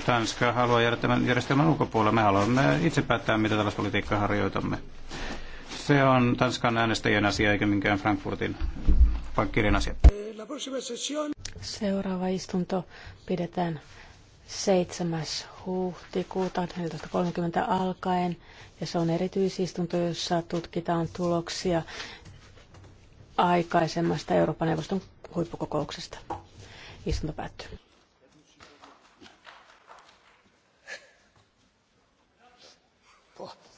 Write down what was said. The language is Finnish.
Tanska haluaa jäädä tämän järjestelmän ulkopuolelle. Me haluamme itse päättää, mitä tällaista politiikkaa harjoitamme. Se on Tanskan äänestäjien asia, eikä minkään Frankfurtin pankkirin asia. Seuraava istunto pidetään 7. huhtikuuta 14.30 alkaen ja se on erityisistunto, jossa tutkitaan tuloksia aikaisemmasta Euroopan neuvoston huippukokouksesta. Istunto päättyy. Puh.